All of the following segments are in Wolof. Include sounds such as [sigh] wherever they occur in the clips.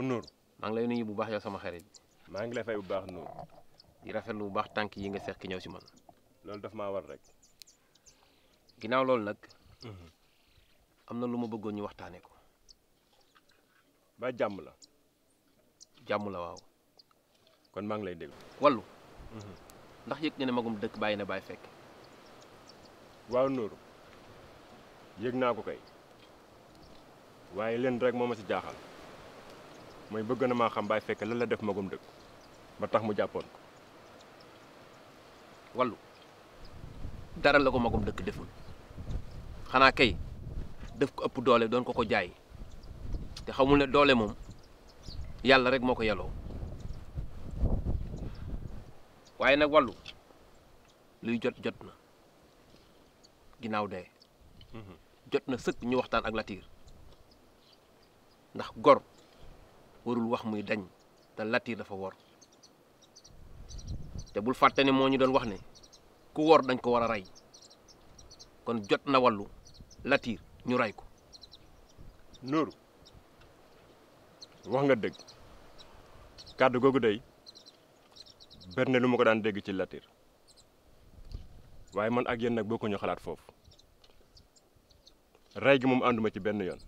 waaw Nour. maa ngi lay nuyu bu baax yow sama xarit. maa ngi lay fay bu baax Nour. di rafetlu bu baax tànk yi nga seq ñëw si man. loolu daf maa war rek. ginnaaw loolu nag. Mhm. am na lu ma bëggoon ñu waxtaanee ko. ba jàmm la. jàmm la waaw. kon maa ngi lay déglu. wallu. Mhm. ndax yëg ne magum dëkk bàyyi na bàyyi fekk. waaw Nour yëg naa ko kay waaye leen rek moo ma si mooy bëgg na maa xam baay fekk lan la def magum dëgg ba tax mu jàppoon ko wallu dara la ko magum dëkk deful xanaa kay def ko ëpp doole doon ko ko jaay te xamul ne doole moom yàlla rek moo ko yaloo waaye nag wallu luy jot jot na ginnaaw dee mhm. jot na sëkk ñu waxtaan ak Latiir ndax gor warul wax muy dañ te Latiir dafa wor te bul fàtte ne moo ñu doon wax ne ku wor dañ ko war a rey kon jot na wallu Latiir ñu rey ko. Nooru wax nga dëgg kàddu googu day benn lu ma ko daan dégg ci Latiir waaye man ak yenn nag bokkuñu xalaat foofu rey gi moom ànduma ci benn yoon.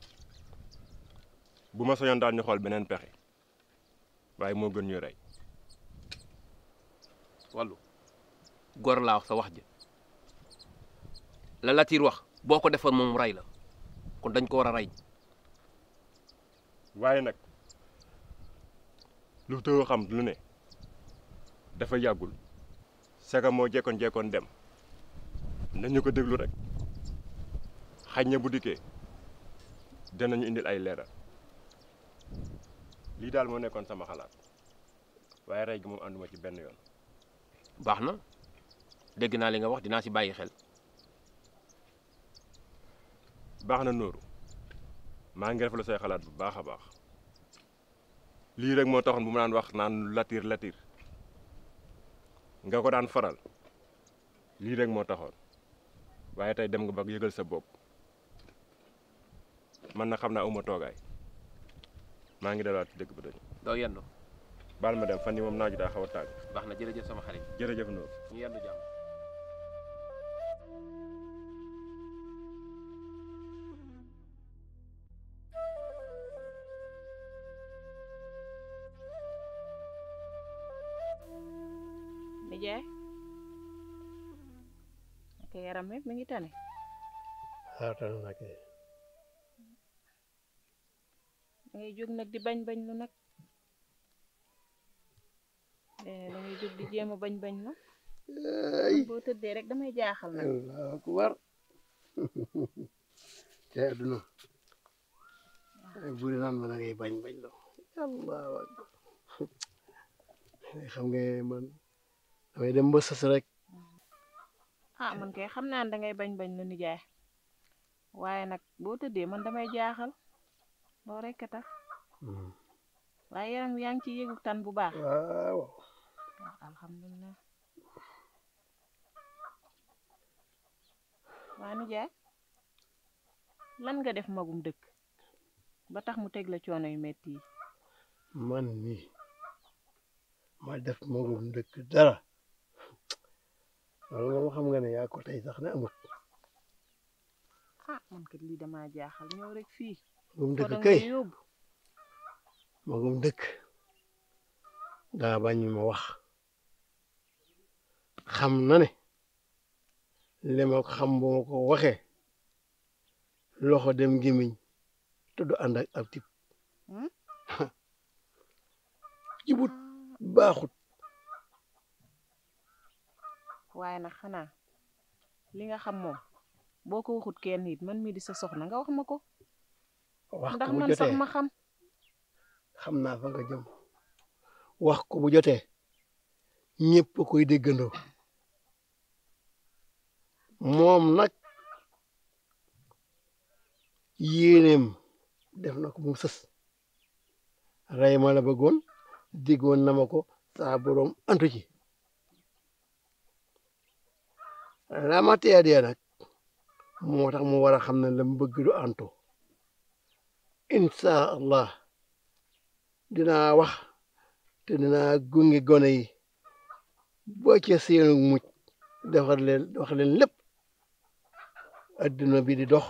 bu ma soñoon daal ñu xool beneen pexe waaye moo gën ñu rey wàllu gor laa sa wax ji la Latiir wax boo ko defoon moom rey la kon dañ ko war a rey waaye nag lu tëw xam lu ne dafa yàggul sega moo jekkoon jekkoon dem nañu ko déglu rek xaj na bu dikkee danañu indil ay leeral lii daal moo nekkoon sama xalaat waaye rey gi moom ànduma ci benn yoon. baax na dégg naa li nga wax dinaa si bàyyi xel. baax na Nooru maa ngi rafetlu say xalaat bu baax a baax lii rek moo taxoon bu ma daan wax naan latiir latiir nga ko daan faral lii rek moo taxoon waaye tey dem nga ba yëgal sa bopp man na xam naa uma toogaay. mangi ngi ci deug bu doon do yendo bal ma dem fan yi moom naaju da xawa tag baxna baax na sama xarit jërëjëf no ñu yendo jam Nijaay ak yaram mi ngi tane waaw tane naa ngay jóg nag di bañ bañ lu nag da bañ bañ lu boo tëddee rek damay jaaxal nag allahu akbar buri naan ma da bañ bañ lu allahu ah, xam naa ne dangay bañ bañ lu nijaay waaye nag boo tëddee man damay jaaxal loolu kata? Hmm. layang tax. waaye yaa ngi ci yëgu tan bu baax. Ya, alhamdulillah alhamdulilah. waa lan nga def magum dëkk ba tax mu tegg la coono yu metti yi. man mi ma def magum dëkk dara loolu moom xam nga ne yaa ko tey sax ne amut. ah man kat lii damaa jaaxal ñëw rek fii. magum dëkk kay magum dëkk daa bañ ma wax xam na ne li ma ko xam bu ma ko waxee loxo dem gémmiñ te du ànd ak ab hmm? [laughs] jibut baaxut waaye nag xanaa li nga xam moom boo ko waxut kenn it man mii di sa soxna nga wax ma ko wax ko bu jotee ndax xam. naa fa ko bu jotee ñëpp koy déggandoo moom nag yéeneem def na ko mu sës rey ma la bëggoon diggoon nama ko saa borom antu ci la tee dee nag moo tax mu war a xam ne la mu bëgg du insa allah dina wax te dina gunge gone yi bo ci seenu mucc defar len wax len lepp aduna bi di dox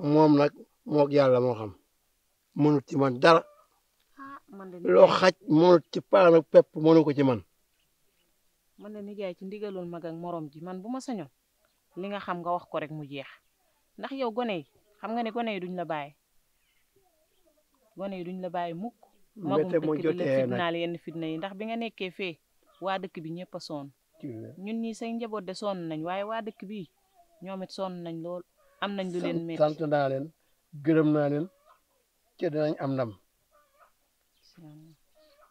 mom nak mok yalla mo xam mënut ci man dara ah, lo xaj ci pep ci man man la ci ndigalul mag ak morom ji man buma ma li nga xam nga wax ko rek mu jeex ndax yow gone yi xam nga ne gone yi duñ la baye gone yi duñ la bàyyi mukk magum dëkk bi la fitnaal yenn fitna yi ndax bi nga nekkee fee waa dëkk bi ñëpp a sonn ñun ñii say njaboot de sonn nañ waaye waa dëkk bi ñoom it sonn nañ lool am nañ lu leen métti sant naa leen gërëm naa leen ci dinañ am ndam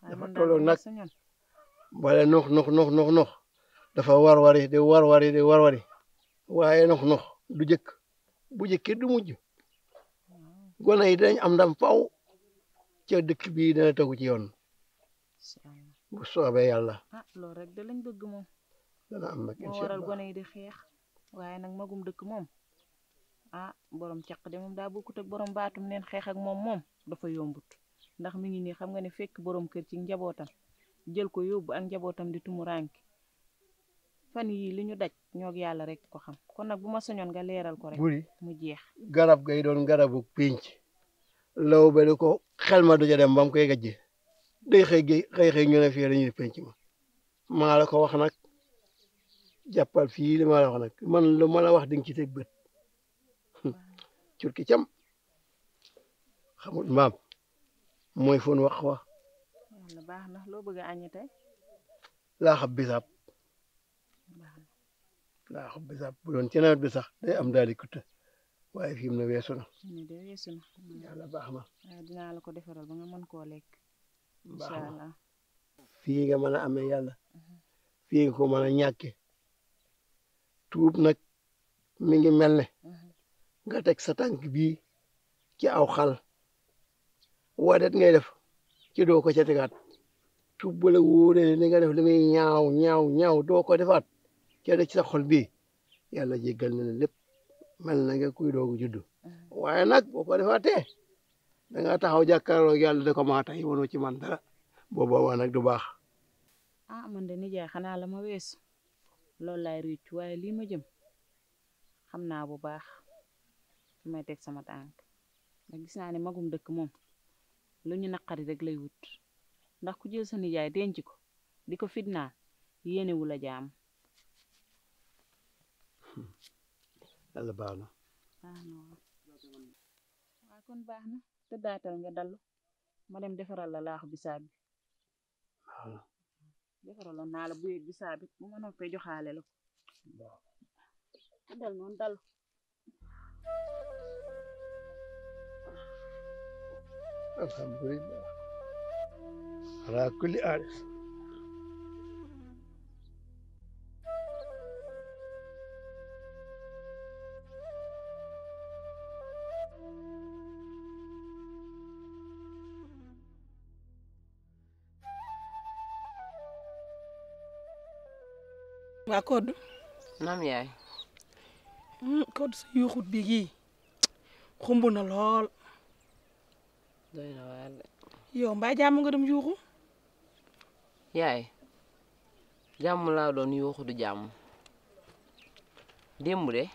dafa tolloog nag wala nox nox nox nox nox dafa war wari di war wari di war wari waaye nox nox du jëkk bu jëkkee du mujj gone yi dinañ am ndam faw ca dëkk bii dana tegu ci yoon bu soobee yàlla ah loolu rek da lañ bëgg moom dana am nag moo waral gone yi di xeex waaye nag magum dëkk moom ah borom caq de moom daa bokkut ak borom baatum neen xeex ak moom moom dafa yombut ndax mi ngi nii xam nga ne fekk borom kër ci njabootam jël ko yóbbu a njabootam di tumuranke fan yii li ñu daj ñoog yàlla rek ko xam kon nag bu ma soñoon nga leeral ko rek mu jeex garab gay doon garabu pénc law ba ni ko xel ma du ja dem ba mu koy gajje day xëy xëy xëy ñu ma maa la ko wax nag jàppal fii li ma la wax nag man lu ma la wax di nga ci bët curki cam xamul maam mooy fon wax wa baax na loo bëgg a añi tey laa xam bisaab laa xam bisaab bu doon ci nawet sax am daal kutte waaye fi mu ne na. fi de weesu na. yàlla baax na. Eh, la ko defaral ba nga mën koo lekk. incha fii nga mën a amee yàlla. Mhm. fii nga ko mën a ñàkke tuub nag mi ngi mel ne. Mhm. nga teg sa tànk bii ci aw xal. wadet ngay def ci doo ko ca tegaat. tuub ba la wóoree ni nga def li muy ñaaw ñaw ñaaw doo ko defaat ca ci sa xol bii yàlla jéggal na lépp. mel na nga kuy doogu juddu mm. waaye nag boo ko defaatee da nga taxaw jàkkaarloo yàlla da ko maa tey mënoo ci man dara booba waa nag du baax ah man de nijaay xanaa la ma weesu loolu laay rëcc waaye lii ma jëm xam naa bu baax fi may teg sama tànk ndax gis naa ne magum dëkk moom lu ñu naqari rek lay wut ndax ku jël sa nijaay denc ko di ko fitnaan yéene wu la jaam yalla baana baana wa kon baana te daatal nga dalu ma dem defaral la laaxu bisaabi defaral la naa la bu yeeg bisaabi bu ma noppee joxaale la ko te dal noonu dalu alhamdulillah ala kulli aal waa Codé. naam yaay. Hmm, Codé sa yuuxut bi yii xumb na lool. doy na waay. yow mbaa jàmm nga dem yuuxu. yaay jàmm laa doon yuuxu du jàmm démb de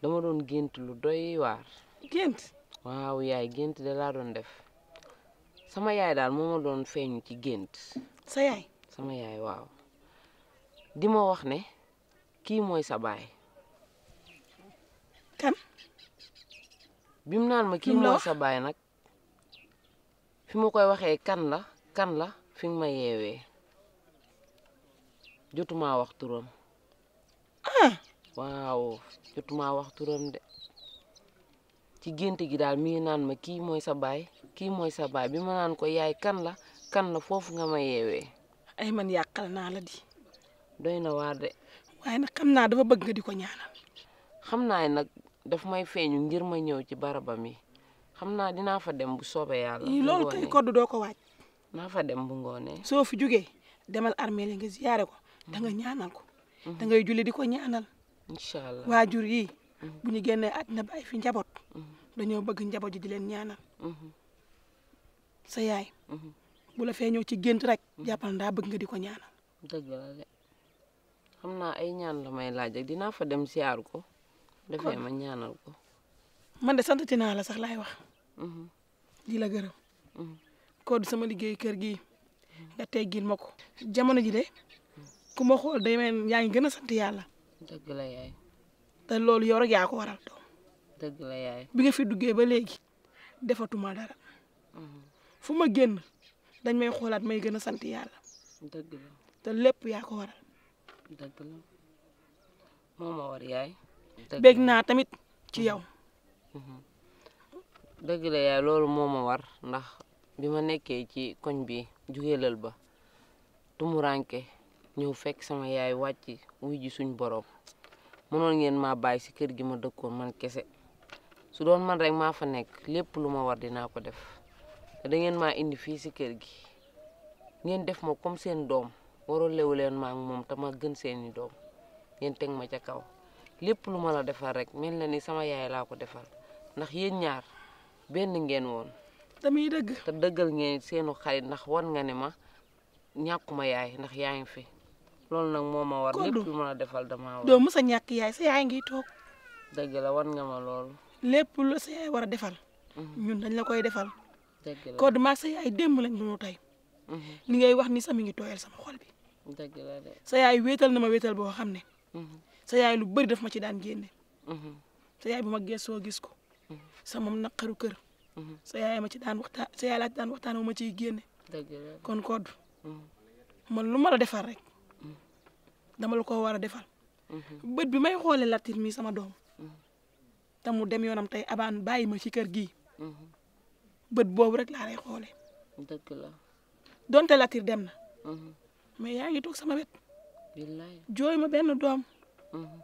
dama doon gént lu doy waar. gént. waaw yaay gént de laa doon def sama yaay daal moo ma doon feeñu ci gént. sa yaay. sama yaay waaw. di ma wax ne kii mooy sa baay. kan. bi mu naan ma kii mooy sa baay nag fi ma koy waxee kan la kan la fi ma yeewee jotumaa wax turam. ah. wax turam de ci gént gi daal mi ngi naan ma kii sa baay kii mooy sa baay bi ma naan ko yaay kan la kan la foofu nga ma yeewee. ay man yàqal naa la di. doy na waar de. waaye nag xam naa dafa bëgg nga di ko ñaanal. xam naa nag daf may feeñu ngir ma ñëw ci barabam yi xam naa dinaa fa dem bu soobee yàlla. loolu kay koddu doo ko waaj. naa fa dem bu ngoonee. soo fi jógee demal armée li nga ziyaare ko da nga ñaanal ko. Mm-hmm. da ngay julli di ko ñaanal. incha allah waajur yi. Mm-hmm. bu ñu génnee àddina bàyyi fi njaboot. Mm-hmm. dañoo bëgg njaboot ji di leen ñaanal. sa yaay. bu la feeñoo ci gént rek. jàppal daa bëgg nga di ko ñaanal. amna naa ay ñaan la may laaj ak dina fa dem siar ko defé ma ñaanal ko man de sante naa la sax lay wax mhm. di la hmm ko du sama liggéey kër gi nga teggil ma ko jamono ji de ku ma xool day men yaangi gëna sante yalla deug la yaay te loolu yow rek ya ko waral do deug la yaay bi nga fi duggé ba légui defatuma dara mhm. fu fuma genn dañ may xoolaat may gëna sante yalla deug la te lepp ya ko waral dëgg la ya? war yaay. naa tamit ci yow. dëgg la yaay loolu moo war ndax bi ma ci koñ bi jugee lal ba tumuranke ñëw fekk sama yaay wàcc wuy ji suñ borom mënoon ngeen ma bàyyi si kër gi ma dëkkoon man kese su doon man rek ma fa nekk ma war dina ko def te da ngeen ma indi fi si kër gi ngeen def mo comme sen dom warul lewu leen ma moom te ma gën seeni doom ngeen teg ma ca kaw lépp lu ma la defal rek mel na ni sama yaay laa ko defal ndax yéen ñaar benn ngeen woon. damay dëgg. te dëggal ngeen seenu xarit ndax wan nga ne ma ñàkkuma yaay ndax yaa ngi fi loolu nag moo a war. lépp lu ma la defal damaa war. doo mës a ñàkk yaay sa yaay ngi toog. dëgg la wan nga ma loolu. lépp la sa yaay war a defal. Mhm. ñun dañ la koy defal. dëgg la sa yaay démb lañ doon tey. li mm-hmm. ngay wax ni sa mi ngi tooyal sama xol bi. dëgg la sa yaay wéetal na ma wéetal boo xam ne. Mm-hmm. sa yaay lu bari daf ma ci daan génne. Mm-hmm. sa yaay bu ma geesoo gis ko. sa moom naqaru kër. sa yaay ma ci daan waxtaan sa yaay laa ci daan waxtaan ma ciy génne. kon kodd lu ma la defal rek. dama la ko war a defal. bët bi may xoolee latir mi sama doom. te mu dem yoonam tey abaan bàyyi ma ci kër gi bët boobu rek laa lay xoolee. dëgg la. donte Latir dem na. Mhm. mais yaa ngi toog sama wet. jooy ma benn doom. Mhm.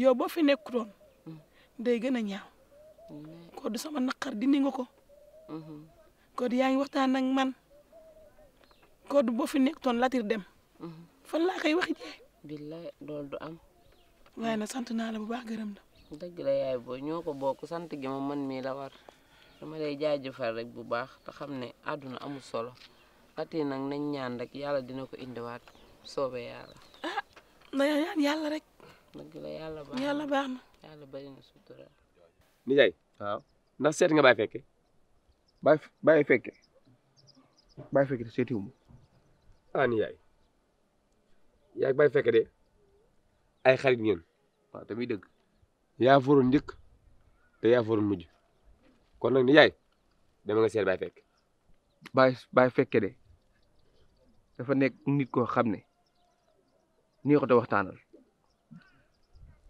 yow boo fi nekkutoon. Mhm. day gën a ñaaw. ko sama naqar dindi ko. ko du yaa ngi waxtaan ak man. ko du boo fi nekkutoon Latir dem. fan laa koy waxi jee. billaay loolu du am. waaye na sant naa la bu baax gërëm la. dëgg la yaay ñoo ko bokk sant gi ma man mii la war. dama lay jaajëfal rek bu baax te xam ne àdduna amul solo at yi nag ñaan rek yàlla dina ko indiwaat soobee yàlla. ah na ñaan yàlla rek. dëgg la yàlla baax na yàlla bari na sutura. nijaay waaw ndax seet nga bàyyi fekke bàyyi fekke bàyyi fekke de seetiwuma ah nijaay yaa bàyyi fekke de ay xarit ngeen waaw tamit dëgg yaa foroon te yaa foroon kon nag ni yaay dama nga seet baay fekk baay baay fekke de dafa nekk nit koo xam ne nii ko te waxtaanal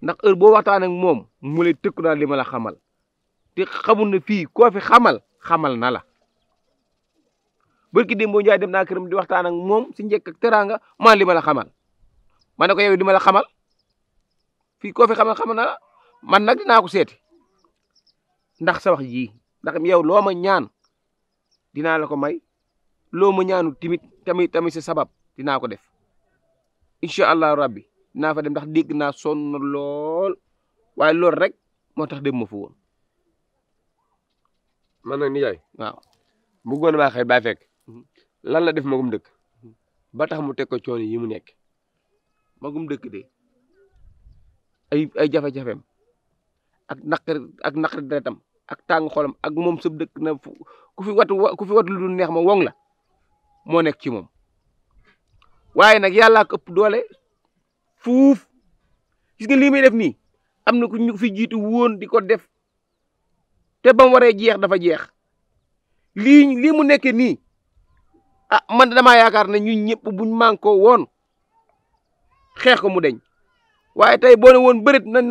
ndax heure boo waxtaan ak moom mu lay tëkku naa li ma la xamal te xamul ne fii koo fi xamal xamal na la barki démb boo njaay dem naa këram di waxtaan ak moom si njëkk ak teraanga maa li ma la xamal ma ne ko yow di ma la xamal fii koo fi xamal xamal na la man nag dinaa ko seeti ndax sa wax ndax yow loo ma ñaan dinaa la ko may loo ma ñaanu timit tamit tamit si sabab dinaa ko def incha allahu rabbi dinaa fa dem ndax dégg naa sonn lool waaye loolu rek moo tax dem ma fa woon. man nag nijaay waaw bu goon maa xëy baa fekk mhm. la def magum dëkk mhm. ba tax mu teg ko coono yi mu nekk magum dëkk de ay ay jafe-jafeem ak naqari ak naqari deretam ak tàng xolam ak moom sab dëkk na ku fi watu ku neex ma woŋ la moo nekk ci moom waaye nag yàllaa ko doole fuuf gis nga lii muy def nii am na ku ñu fi jiitu woon di ko def te ba mu jeex dafa jeex lii lii mu nekkee nii ah man damaa yaakaar na ñun ñëpp buñ mànkoo woon xeex ko mu deñ waaye tey boo woon bërit nan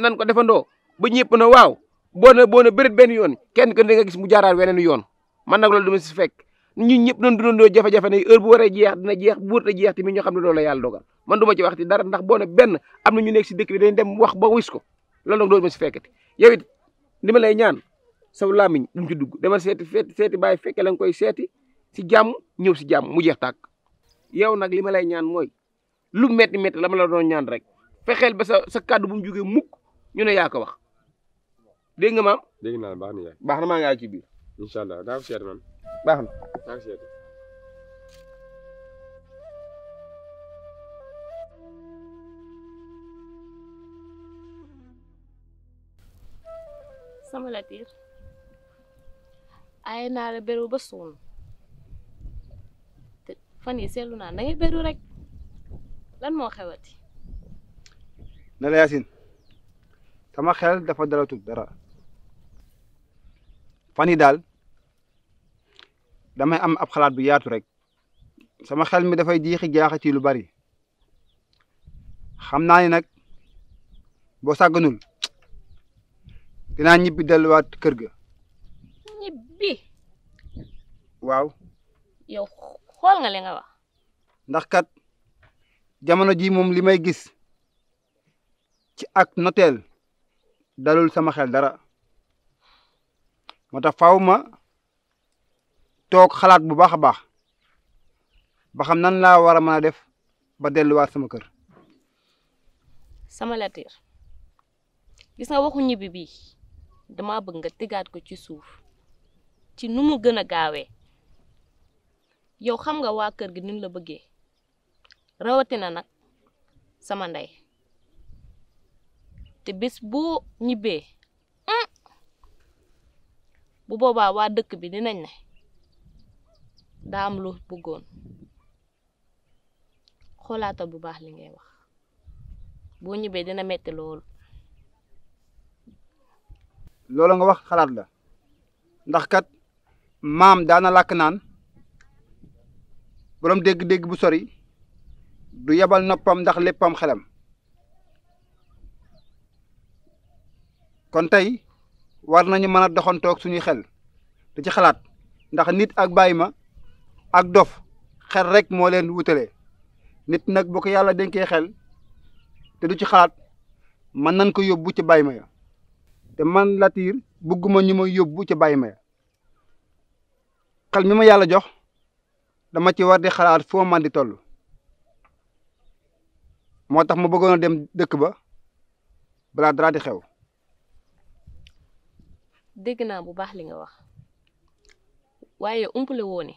nan ko defandoo ba ñëpp na waaw bona bona bërit ben yoon kenn ko da nga gis mu jaaraat wenen yoon man nak lolou dama si fekk ñun ñëpp non dundandoo jafé jafé ne heure bu waree jeex dina jeex bu warta jeex tamit ñoo xam ne loolu la dogal man duma ci waxti dara ndax boo ben amna ñu nekk si dëkk bi dañ dem wax ba wis ko loolu nag loolu ma yow it li lay ñaan saw lamiñ bu ci dugg dama séti feeti seeti bàyyi fekkee la koy séti si jamm ñew si jamm mu jeex tak yow nak lima lay ñaan moy lu metti metti la la do ñaan rek fexel ba sa kaddu bu mu joge mukk ñu ne ya ko wax dégg nga maam. dégg naa baax na yaay. baax na maa ngi àgg daa ko seet man. baax daa ko seet. sama latiir ay naa la beru ba sonn te fan yi seetlu naa da ngay beru rek lan moo xewati. ne la Yacine sama xel dafa dalatul dara. Panidal, dal am ab xalaat bu yaatu rek sama xel mi da fay diixi jaaxati lu bari xamna ni nak bo sagnul dina ñibbi wat kër ga. ñibbi. waw yow xol nga li nga wax. ndax kat jamono ji mom limay gis ci ak notel dalul sama xel dara. moo tax faaw ma toog xalaat bu baax a baax ba xam nan laa war a mën def ba delluwaat sama kër. sama Latir gis nga waxu ñibbi bii dama bëgg nga tegaat ko ci suuf ci nu mu gën a gaawee yow xam nga waa kër gi ni la bëggee rawatina nag sama ndey te bés boo ñibbee. bu boobaa waa dëkk bi dinañ ne daa am lu bëggoon xoolaatal bu baax li ngay wax boo ñibbee dina metti loolu loolu nga wax xalaat la ndax kat maam daana lakk naan boroom dégg-dégg bu sori du yebal noppam ndax léppam xelam kon tey war nañu mën a doxantoog suñuy xel da ci xalaat ndax nit ak bàyyi ma ak dof xel rek moo leen wutale nit nag bokk yàlla yàlla dénkee xel te du ci xalaat mën nañ ko yóbbu ci bàyyi ma ya te man Latir bëgguma ñu ma yóbbu ci bàyyi ma ya xel mi ma yàlla jox dama ci war di xalaat foo man di toll moo tax ma bëggoon dem dëkk ba balaa dara di xew dégg naa bu baax li nga wax waaye umpale woo ne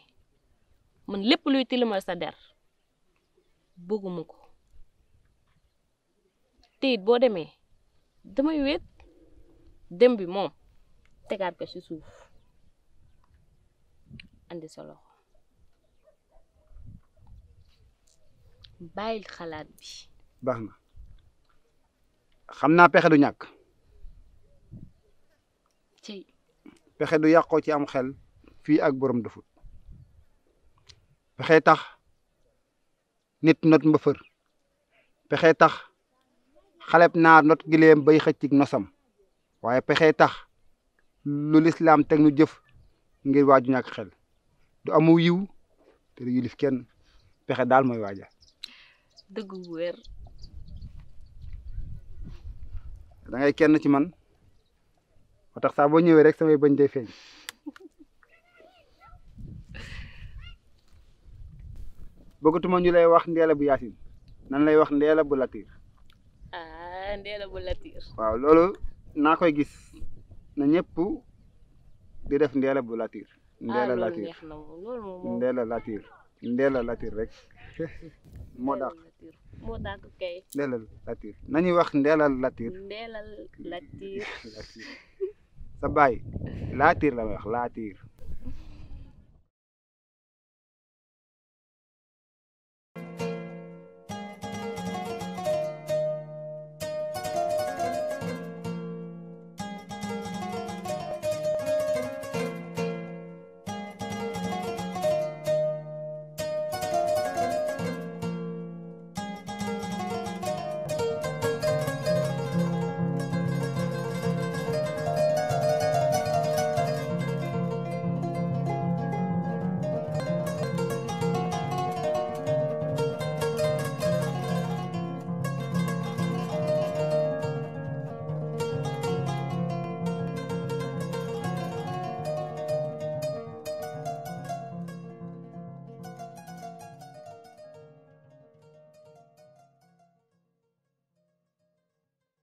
man lépp luy tilimal sa der bëgguma ko te boo demee damay wéet dem bi moom tegaat ko ci suuf andi sa loxo bàyyil xalaat bi baax na xam naa pexe du ñàkk ci pexe du yàqoo ci am xel fii ak borom dafut pexe tax nit not mba pexe tax xaleb naar not gileem bay xëccik nosam waaye pexe tax lu lislaam teg nu jëf ngir waaju ñàkk xel du amu yiw te du yilif kenn pexe daal mooy waaja dëgg wér da ngay kenn ci man motax sa bo boo rek samay bañ dé feñ bëggatuma ñu lay wax ndéla bu yasin nan lay wax ndéla bu latiir ah ndéla bu latiir waaw lolu na koy gis na ñëpp di def ndéla bu latiir ndéla latir ndéla latiir ndéla latiir rek [laughs] mo dàq mo dàq kay ndéla latir. nañuy wax latir. latiir ndeela latiir sa baay laatiir la may wax laatiir